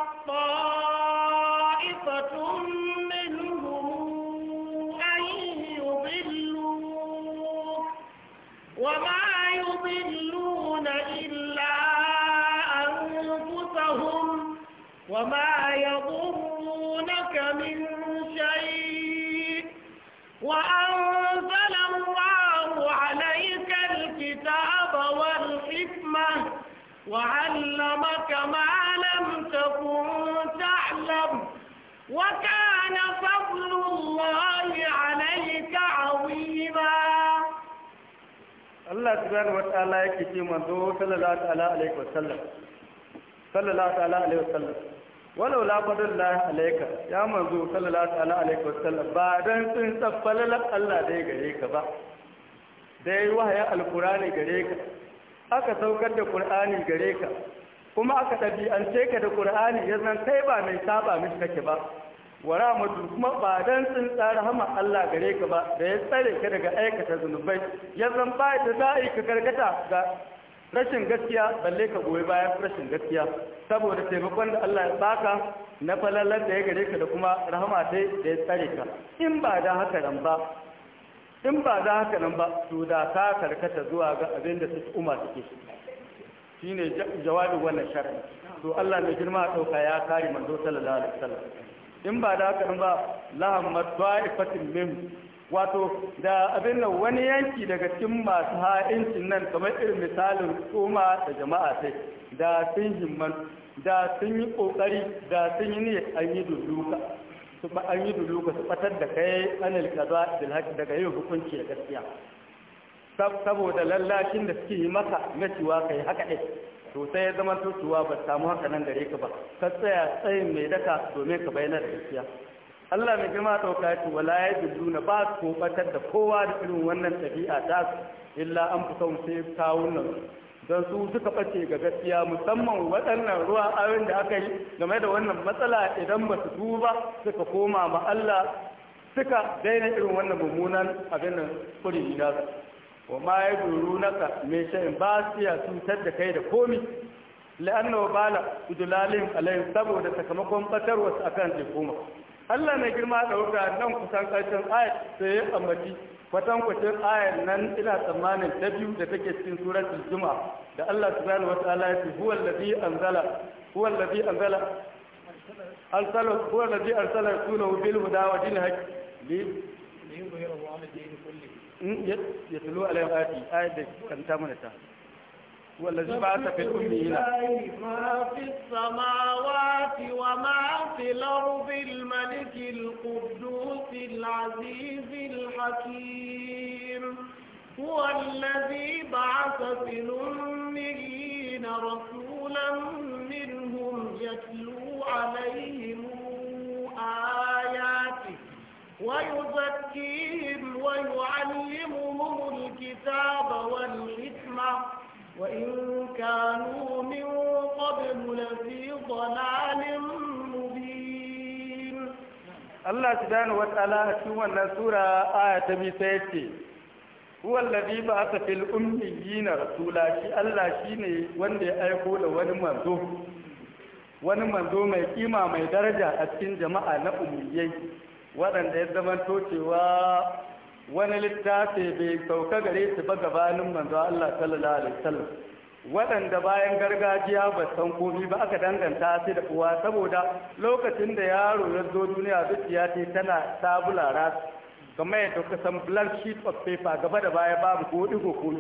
وكان فضل الله عليك عظيما الله سبحانه وتعالى يكفي منذ صلى الله عليه وسلم صلى الله عليه وسلم walau la alaika ya manzo sallallahu ta'ala alaihi wasallam ba dan tsin tsaffalala Allah dai gare ka ba dai wahaya alqurani gare ka aka saukar da qur'ani gare ka kuma aka ɗabi'ance ka da ƙur'ani ya zan kai ba mai saba mishi kake ba wa rahmatu kuma ba dan tsin tsara hama Allah gare ka ba da ya tsare ka daga aikata zunubai ya zan ba da za'i ka gargata ga rashin gaskiya balle ka goyi bayan rashin gaskiya saboda taimakon da Allah ya baka na falalar da ya gare ka da kuma rahama ta da ya tsare ka in ba da haka nan ba in ba da haka nan ba to da ka karkata zuwa ga abinda da su umar suke shine jawabi wannan sharri to Allah mai girma dauka ya kare manzo sallallahu alaihi wasallam in ba da haka ba lahammat ta'ifatin min wato da abin nan wani yanki daga cikin masu ha'incin nan kamar irin misalin tsoma da jama'a sai da sun himman da sun yi kokari da sun yi niyyar an yi dulluka su ba an yi su fatar da kai anil kaza bil haqq daga yin hukunci da gaskiya saboda lallacin da suke yi maka na kayi ka yi haka ɗai to sai ya zama to cewa ba samu haka nan gare ka ba ka tsaya tsayin mai daka domin ka bayyana da gaskiya Allah mai girma ɗauka ce wala ya na ba su kofatar da kowa da irin wannan tafiya, ta su illa an fi son sai ta nan don su suka ɓace ga gaskiya musamman waɗannan ruwa abin da aka yi game da wannan matsala idan ba su duba suka koma ma Allah suka daina irin wannan mummunan abin nan kuri nasu wa ma ya duru naka mai shayin ba su ya cutar da kai da komi la'anna wa bala udulalin alayhim saboda sakamakon batar wasu kan al'umma Allah mai girma da wuka nan kusan ƙarshen ayat sai ya ambaci kwatankwacin ayar nan ina tsammanin ta biyu da take cikin suratul juma'a da Allah subhanahu wataala ya ce huwa allazi anzala huwa allazi anzala arsala huwa allazi arsala rasulahu bil huda wa dinil haqq li yudhhirahu 'ala يتلو عليهم آتي آية كان تامنا تا والذي بعث في هنا ما في السماوات وما في الأرض الملك القدوس العزيز الحكيم هو الذي بعث في الأمين رسولا منهم يتلو عليهم ويزكيهم ويعلمهم الكتاب والحكمة وإن كانوا من قبل لفي ضلال مبين الله سبحانه وتعالى سوى النسورة آية بسيتي هو الذي بعث في الأميين رسولا شي الله شيني وندي دي أيقول وان منذوب وان منذوب ما يقيمة ما يدرجة أتين جماعة نأميين waɗanda ya zama cewa wani littafi bai sauka gare su ba gabanin manzo Allah sallallahu alaihi wasallam waɗanda bayan gargajiya ba san komi ba aka danganta su da uwa saboda lokacin da yaro ya zo duniya zuciya ce tana tabulara kamar yadda kuka san blank sheet of paper gaba da baya babu ko digo ko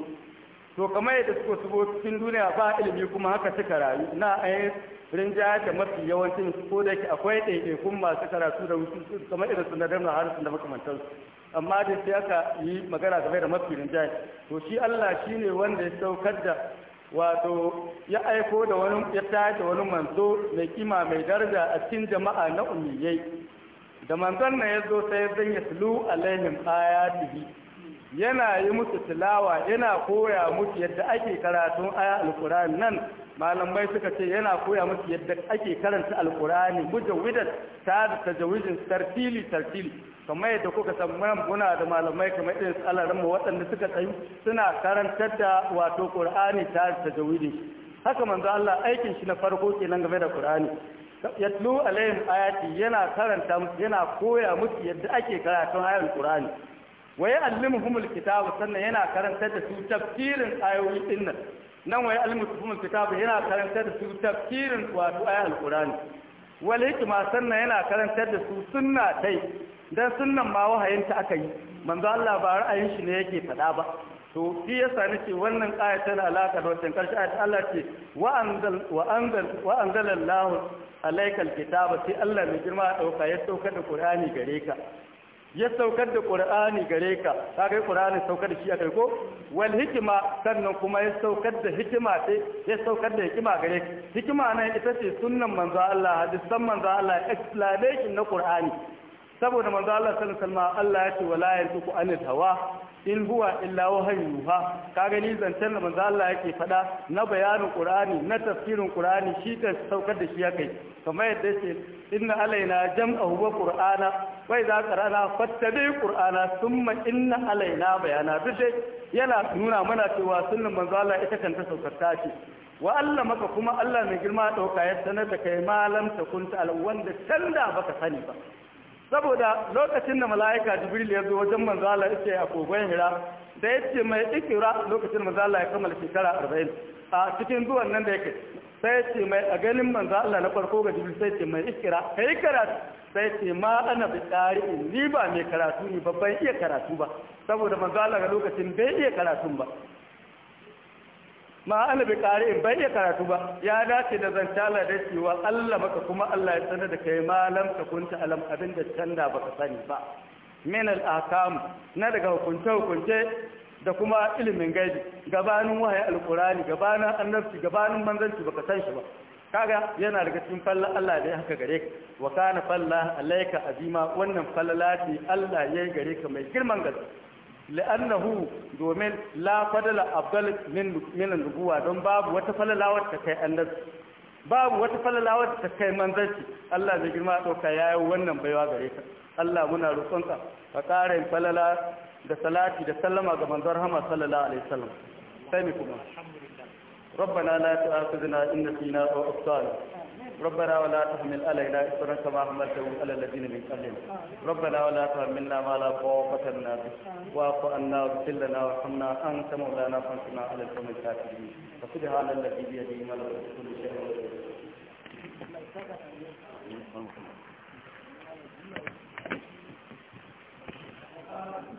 to kamar yadda suka shigo cikin duniya ba ilimi kuma haka suka rayu na ayi rinja da mafi yawancin ko da yake akwai ɗaiɗaikun masu karatu da wuce kamar irin su na damar da makamantarsu. amma da sai aka yi magana game da mafi rinja to shi Allah shi ne wanda ya saukar da wato ya aiko da wani ya tashi wani manzo mai kima mai daraja a cikin jama'a na umiyai da manzon nan ya zo sai zan ya sulu alaihim ayatihi yana yi musu tilawa yana koya musu yadda ake karatun aya alkurani nan malamai suka ce yana koya musu yadda ake karanta alkurani mujawwidat ta da tajawizin tartili tartili kamar yadda kuka san muna da malamai kamar irin su mu waɗanda suka tsayu suna karantar da wato qur'ani ta da tajawidin haka manzo Allah aikin shi na farko kenan game da qur'ani yatlu alaihim ayati yana karanta musu yana koya musu yadda ake karatun ayatul qur'ani Wai ya allimuhumul kitabu sannan yana karantar da su tafsirin ayoyi din nan nan wa ya allimuhumul yana karantar da su tafsirin wato ayatul qur'ani wal hikma sannan yana karantar da su sunna tai dan sunnan ma wahayin ta aka yi manzo Allah ba ra'ayin shi ne yake fada ba to shi yasa nace wannan aya tana alaka da wannan karshe ayat Allah ce wa anzal wa anzal wa anzalallahu alaikal kitaba sai Allah mai girma dauka ya sauka da Qur'ani gare ka ya saukar da ƙur'ani gare ka ta kai ƙur'ani saukar da shi a kai ko wal hikima sannan kuma ya saukar da hikima ce ya saukar da hikima gare ka hikima nan ita ce sunan manzo Allah hadisan manzo Allah explanation na ƙur'ani saboda manzo Allah sallallahu alaihi wasallam Allah ya ce wala yantuku an hawa in huwa illa wahayi yuha ka gani zancen da manzo Allah yake fada na bayanin ƙur'ani, na tafsirin ƙur'ani shi ka saukar da shi kai kamar yadda yake inna alaina jam'a huwa qur'ana wai za ka rana fattabe qur'ana summa inna alaina bayana duk dai yana nuna mana cewa sunnan manzo Allah ita kanta saukarta ce wa Allah maka kuma Allah mai girma dauka ya sanar da kai malam ta kunta al wanda tanda baka sani ba saboda lokacin da mala'ika jibril ya zo wajen manzo Allah yake a kogon hira da yace mai ikira lokacin manzo Allah ya kammala shekara 40 a cikin zuwan nan da yake sai ce mai a ganin manzo Allah na farko ga jibril sai ce mai ikira kai karatu sai ce ma ana bi tsari ni ba mai karatu ne babban iya karatu ba saboda manzo Allah ga lokacin bai iya karatu ba ma ana bi tsari bai iya karatu ba ya dace da Allah da cewa Allah maka kuma Allah ya sanar da kai malam ka kunta alam abinda canda baka sani ba min al-ahkam na daga hukunce hukunce da kuma ilimin gaibi gabanin wahayi alkurani gabanin annabci gabanin manzanci baka san shi ba kaga yana daga cikin falla Allah da ya haka gare ka wa kana falla alayka azima wannan fallalati Allah ya yi gare ka mai girman gaske la'annahu domin la fadala afdal min min nubuwa don babu wata fallalawar ta kai annabci babu wata fallalawar ta kai manzanci Allah zai girma dauka yayi wannan baiwa gare ka Allah muna roƙonka ka ƙara falala da salati da salama ga manzon rahama sallallahu alaihi wasallam sai mu kuma rabbana la ta'khudhna in nasina aw akhtana rabbana wa la tahmil alaina isran kama hamaltahu ala alladhina min qablina rabbana wa la tahmilna ma la taqata lana bih wa fa anna billana wa hamna anta mawlana fansurna ala alqawmi alkafirin fa subhana alladhi bi yadihi malakutu kulli shay'in Thank you.